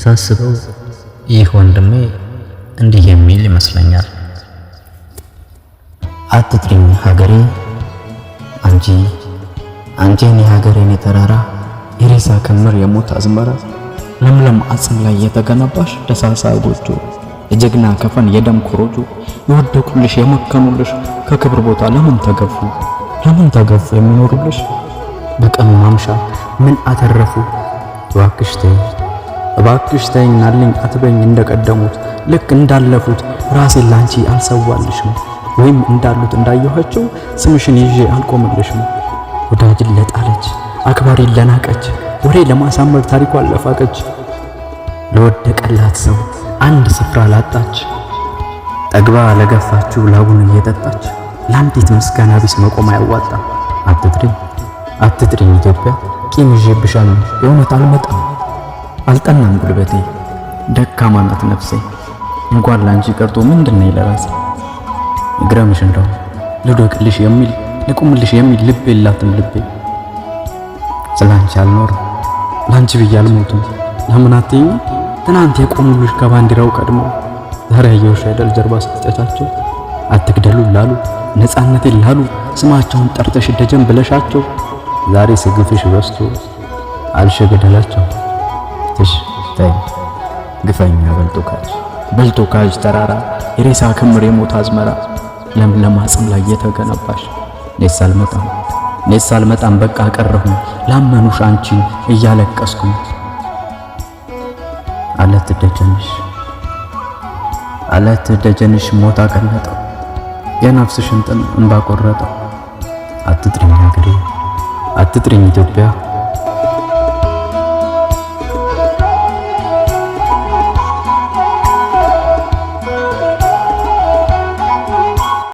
ሳስበው ይህ ወንድሜ እንዲህ የሚል ይመስለኛል። አትጥሪኝ ሀገሬ አንቺ አንቺ እኔ ሀገሬ ተራራ የሬሳ ክምር የሞት አዝመራ ለምለም አጽም ላይ የተገነባሽ ደሳሳ ጎጆ የጀግና ከፈን የደም ኮሮጆ የወደቁልሽ የመከኑልሽ ከክብር ቦታ ለምን ተገፉ ለምን ተገፉ የሚኖሩልሽ በቀኑ ማምሻ ምን አተረፉ ዋክሽቴ እባክሽ ናልኝ አትበኝ እንደቀደሙት ልክ እንዳለፉት ራሴን ላንቺ አልሰዋልሽም ወይም እንዳሉት እንዳየኋቸው ስምሽን ይዤ አልቆምልሽም። ወዳጅን ለጣለች፣ አክባሪን ለናቀች፣ ወሬ ለማሳመር ታሪኳን ለፋቀች፣ ለወደቀላት ሰው አንድ ስፍራ ላጣች፣ ጠግባ ለገፋችው ላቡን እየጠጣች ለአንዲት ምስጋና ቢስ መቆም አያዋጣም። አትጥሪኝ አትጥሪኝ ኢትዮጵያ ቂም ይዤብሻለሁ የእውነት አልመጣም። አልጠናም ጉልበቴ ደካማ ናት ነፍሴ እንኳን ላንቺ ቀርቶ ምንድን ነው ለራሴ እግረምሽ እንደው ልዶቅልሽ የሚል ልቁምልሽ የሚል ልብ የላትም ልቤ ስላንቺ አልኖርም ላንቺ ብዬ አልሞትም ለምናትኝ ትናንት የቆሙልሽ ከባንዲራው ቀድሞ ዛሬ ያየሁሽ አይደል ጀርባ ስትጨታቸው አትግደሉ ላሉ ነፃነቴን ላሉ ስማቸውን ጠርተሽ ደጀን ብለሻቸው ዛሬ ስግፍሽ በስቶ አልሸገደላቸው እሽ ተይ ግፈኛ በልቶ ካጅ በልቶ ካጅ ተራራ የሬሳ ክምር የሞት አዝመራ ለምለም አጽም ላይ የተገነባሽ እኔስ አልመጣም እኔስ አልመጣም በቃ ቀረሁኝ ላመኑሽ አንቺን እያለቀስኩኝ አለት ደጀንሽ አለት ደጀንሽ ሞት አቀነጠው የነፍስሽን ጥን እንባቆረጠው አትጥሪኝ አገሬ አትጥሪኝ ኢትዮጵያ